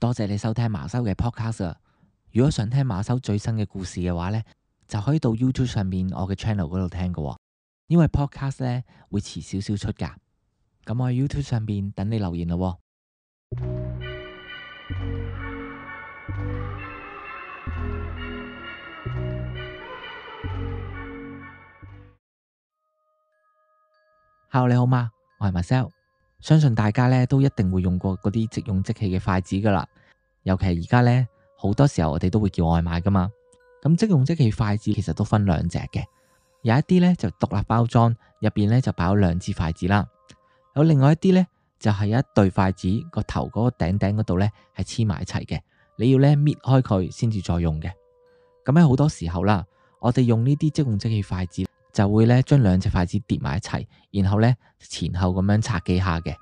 多謝你收聽馬修嘅 podcast。如果想聽馬修最新嘅故事嘅話呢，就可以到 YouTube 上面我嘅 channel 嗰度聽噶。因為 podcast 呢會遲少少出噶。咁我喺 YouTube 上面等你留言咯。 Hello，你好嗎？我係 Marcel 相信大家咧都一定會用過嗰啲即用即棄嘅筷子噶啦，尤其係而家咧，好多時候我哋都會叫外賣噶嘛。咁即用即棄筷子其實都分兩隻嘅，有一啲咧就獨立包裝，入邊咧就擺咗兩支筷子啦。有另外一啲咧就係一對筷子個頭嗰個頂頂嗰度咧係黐埋一齊嘅，你要咧搣開佢先至再用嘅。咁喺好多時候啦，我哋用呢啲即用即棄筷子，就會咧將兩隻筷子疊埋一齊，然後咧前後咁樣插幾下嘅。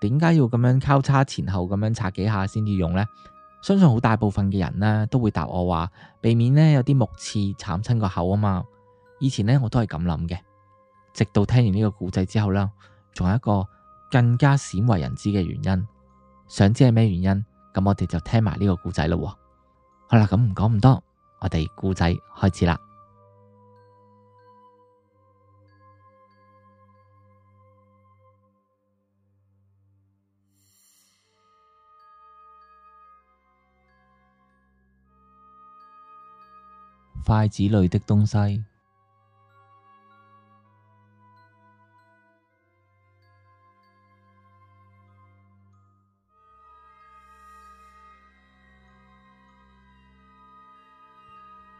點解要咁樣交叉前後咁樣插幾下先至用呢？相信好大部分嘅人啦都會答我話，避免呢有啲木刺慘親個口啊嘛。以前咧我都係咁諗嘅，直到聽完呢個故仔之後啦，仲有一個更加鮮為人知嘅原因。想知係咩原因？咁我哋就聽埋呢個故仔咯。好啦，咁唔講咁多，我哋故仔開始啦。筷子裡的東西，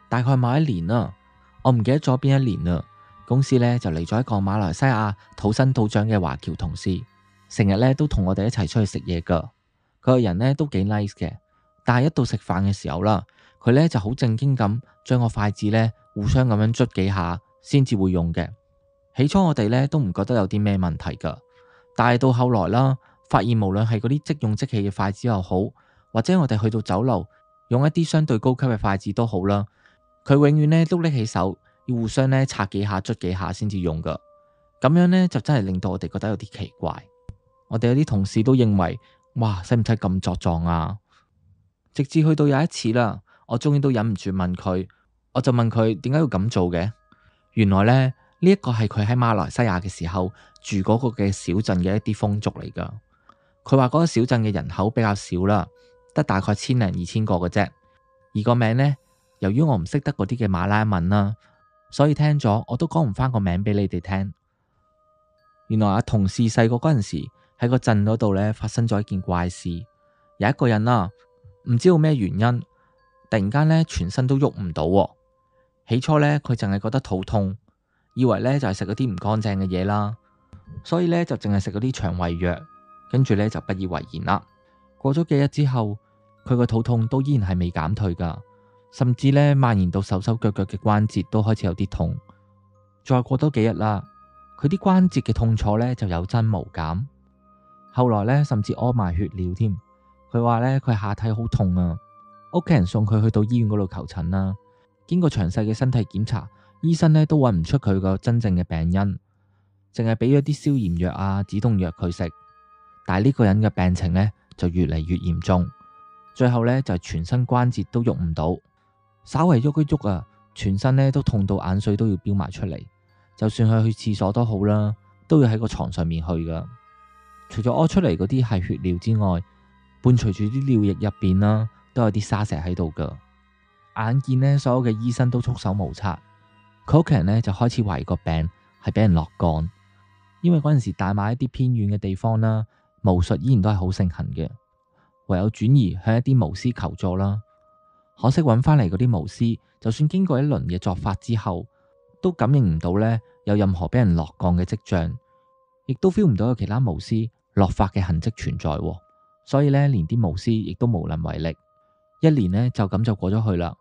大概某一年啊，我唔記得咗邊一年啊。公司呢就嚟咗一個馬來西亞土生土長嘅華僑同事，成日呢都同我哋一齊出去食嘢㗎。佢個人呢都幾 nice 嘅，但係一到食飯嘅時候啦。佢咧就好正經咁將個筷子咧互相咁樣捽幾下先至會用嘅。起初我哋咧都唔覺得有啲咩問題噶，但係到後來啦，發現無論係嗰啲即用即棄嘅筷子又好，或者我哋去到酒樓用一啲相對高級嘅筷子都好啦，佢永遠咧都拎起手要互相咧擦幾下，捽幾下先至用噶。咁樣咧就真係令到我哋覺得有啲奇怪。我哋有啲同事都認為哇，使唔使咁作狀啊？直至去到有一次啦。我終於都忍唔住問佢，我就問佢點解要咁做嘅？原來呢，呢、呢、一個係佢喺馬來西亞嘅時候住嗰個嘅小鎮嘅一啲風俗嚟噶。佢話嗰個小鎮嘅人口比較少啦，得大概千零二千個嘅啫。而個名呢，由於我唔識得嗰啲嘅馬拉文啦，所以聽咗我都講唔返個名俾你哋聽。原來阿同事細個嗰陣時喺個鎮嗰度呢，發生咗一件怪事，有一個人啦、啊，唔知道咩原因。突然間咧，全身都喐唔到。起初咧，佢淨係覺得肚痛，以為咧就係食咗啲唔乾淨嘅嘢啦，所以咧就淨係食咗啲腸胃藥，跟住咧就不以為然啦。過咗幾日之後，佢個肚痛都依然係未減退噶，甚至咧蔓延到手手腳腳嘅關節都開始有啲痛。再過多幾日啦，佢啲關節嘅痛楚咧就有增無減。後來咧，甚至屙埋血尿添。佢話咧，佢下體好痛啊。屋企人送佢去到醫院嗰度求診啦、啊。經過詳細嘅身體檢查，醫生呢都揾唔出佢個真正嘅病因，淨係俾咗啲消炎藥啊、止痛藥佢食。但係呢個人嘅病情呢就越嚟越嚴重，最後呢就係、是、全身關節都喐唔到，稍微喐一喐啊，全身呢都痛到眼水都要飆埋出嚟。就算佢去廁所都好啦，都要喺個床上面去噶。除咗屙出嚟嗰啲係血尿之外，伴隨住啲尿液入邊啦。都有啲沙石喺度㗎。眼見呢，所有嘅醫生都束手無策，佢屋企人呢，就開始懷疑個病係俾人落降，因為嗰陣時大馬一啲偏遠嘅地方啦，巫術依然都係好盛行嘅，唯有轉移向一啲巫師求助啦。可惜揾翻嚟嗰啲巫師，就算經過一輪嘅作法之後，都感應唔到呢有任何俾人落降嘅跡象，亦都 feel 唔到有其他巫師落法嘅痕跡存在喎，所以呢，連啲巫師亦都無能為力。一年呢，就咁就過咗去啦，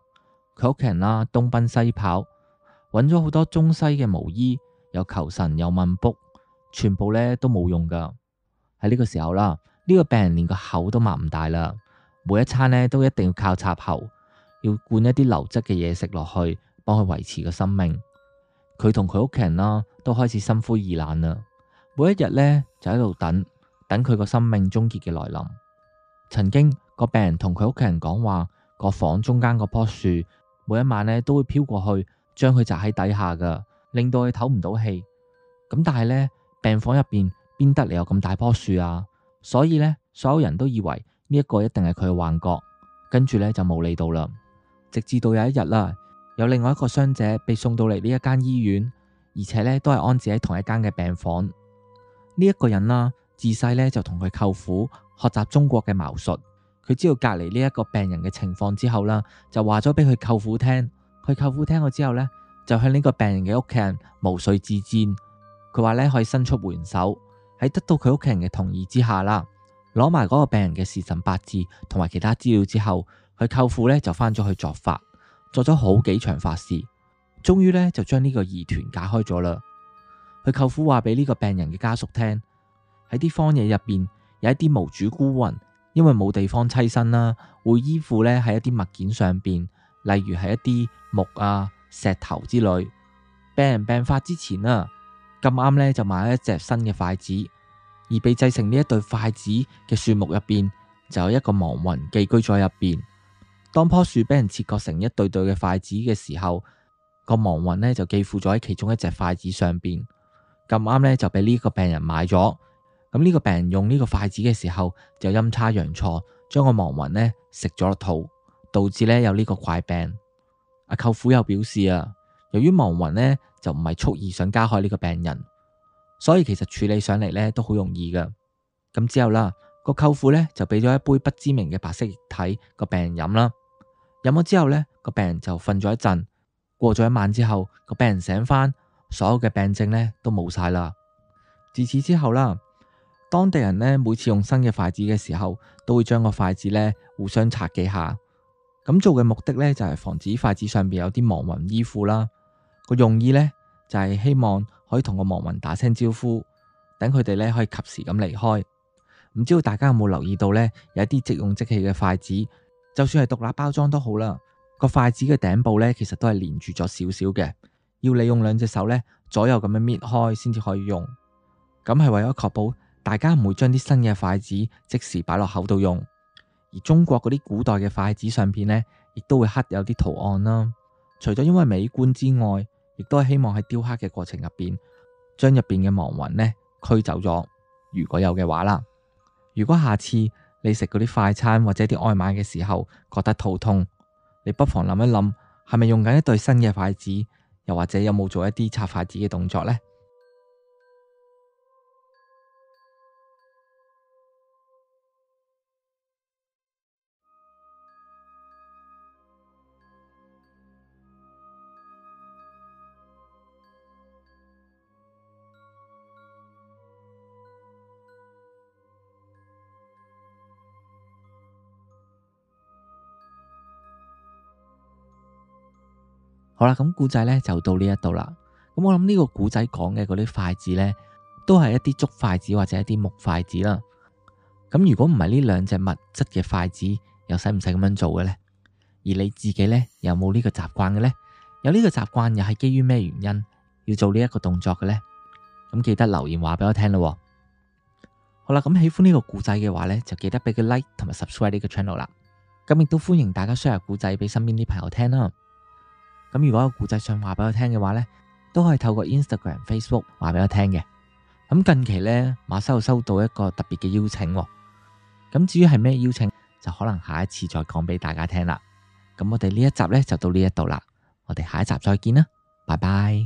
佢屋企人啦東奔西跑，揾咗好多中西嘅巫醫，又求神又問卜，全部呢都冇用噶。喺呢個時候啦，呢個病人連個口都擘唔大啦，每一餐呢，都一定要靠插喉，要灌一啲流質嘅嘢食落去，幫佢維持個生命。佢同佢屋企人啦都開始心灰意冷啦，每一日呢，就喺度等，等佢個生命終結嘅來臨。曾經，個病人同佢屋企人講話：個房中間嗰棵樹每一晚呢都會飄過去，將佢砸喺底下噶，令到佢唞唔到氣。咁但係呢病房入邊邊得嚟有咁大棵樹啊？所以呢所有人都以為呢一、這個一定係佢嘅幻覺，跟住呢就冇理到啦。直至到有一日啦，有另外一個傷者被送到嚟呢一間醫院，而且呢都係安置喺同一間嘅病房。呢、這、一個人啦，自細呢就同佢舅父學習中國嘅茅術。佢知道隔籬呢一個病人嘅情況之後啦，就話咗俾佢舅父聽。佢舅父聽咗之後呢，就，舅舅舅舅之後呢就向呢個病人嘅屋企人毛遂自薦。佢話呢可以伸出援手，喺得到佢屋企人嘅同意之下啦，攞埋嗰個病人嘅時辰八字同埋其他資料之後，佢舅父呢就返咗去作法，作咗好幾場法事，終於呢，就將呢個疑團解開咗啦。佢舅父話俾呢個病人嘅家屬聽，喺啲荒野入邊有一啲無主孤魂。因為冇地方棲身啦，會依附咧喺一啲物件上邊，例如係一啲木啊、石頭之類。病人病發之前啊，咁啱咧就買咗一隻新嘅筷子，而被製成呢一對筷子嘅樹木入邊就有一個亡魂寄居咗入邊。當樖樹俾人切割成一對對嘅筷子嘅時候，個亡魂咧就寄附咗喺其中一隻筷子上邊，咁啱咧就俾呢個病人買咗。咁呢個病人用呢個筷子嘅時候，就陰差陽錯將個亡魂呢食咗落肚，導致呢有呢個怪病。阿舅父又表示啊，由於亡魂呢就唔係蓄意想加害呢個病人，所以其實處理上嚟呢都好容易㗎。咁之後啦，個舅父呢就俾咗一杯不知名嘅白色液體個病人飲啦，飲咗之後呢個病人就瞓咗一陣，過咗一晚之後個病人醒返，所有嘅病症呢都冇晒啦。自此之後啦，當地人呢，每次用新嘅筷子嘅時候，都會將個筷子呢互相擦幾下。咁做嘅目的呢，就係防止筷子上邊有啲亡魂依附啦。個用意呢，就係希望可以同個亡魂打聲招呼，等佢哋呢可以及時咁離開。唔知道大家有冇留意到呢？有一啲即用即棄嘅筷子，就算係獨立包裝都好啦，個筷子嘅頂部呢，其實都係連住咗少少嘅，要你用兩隻手呢，左右咁樣搣開先至可以用。咁係為咗確保大家唔會將啲新嘅筷子即時擺落口度用，而中國嗰啲古代嘅筷子上邊呢，亦都會刻有啲圖案啦。除咗因為美觀之外，亦都係希望喺雕刻嘅過程入邊，將入邊嘅亡魂呢驅走咗。如果有嘅話啦，如果下次你食嗰啲快餐或者啲外賣嘅時候，覺得肚痛，你不妨諗一諗，係咪用緊一對新嘅筷子，又或者有冇做一啲擦筷子嘅動作呢？好啦，咁古仔呢就到呢一度啦。咁我諗呢個古仔講嘅嗰啲筷子呢，都係一啲竹筷子或者一啲木筷子啦。咁如果唔係呢兩隻物質嘅筷子，又使唔使咁樣做嘅呢？而你自己呢，有冇呢個習慣嘅呢？有呢個習慣又係基於咩原因要做呢一個動作嘅呢？咁記得留言話俾我聽咯。好啦，咁喜歡呢個古仔嘅話呢，就記得俾個 like 同埋 subscribe 呢個 channel 啦。咁亦都歡迎大家 share 古仔俾身邊啲朋友聽啦。咁如果有故仔想話俾我聽嘅話呢，都可以透過 Instagram、Facebook 話俾我聽嘅。咁近期呢，馬修又收到一個特別嘅邀請，咁至於係咩邀請，就可能下一次再講俾大家聽啦。咁我哋呢一集呢，就到呢一度啦，我哋下一集再見啦，拜拜。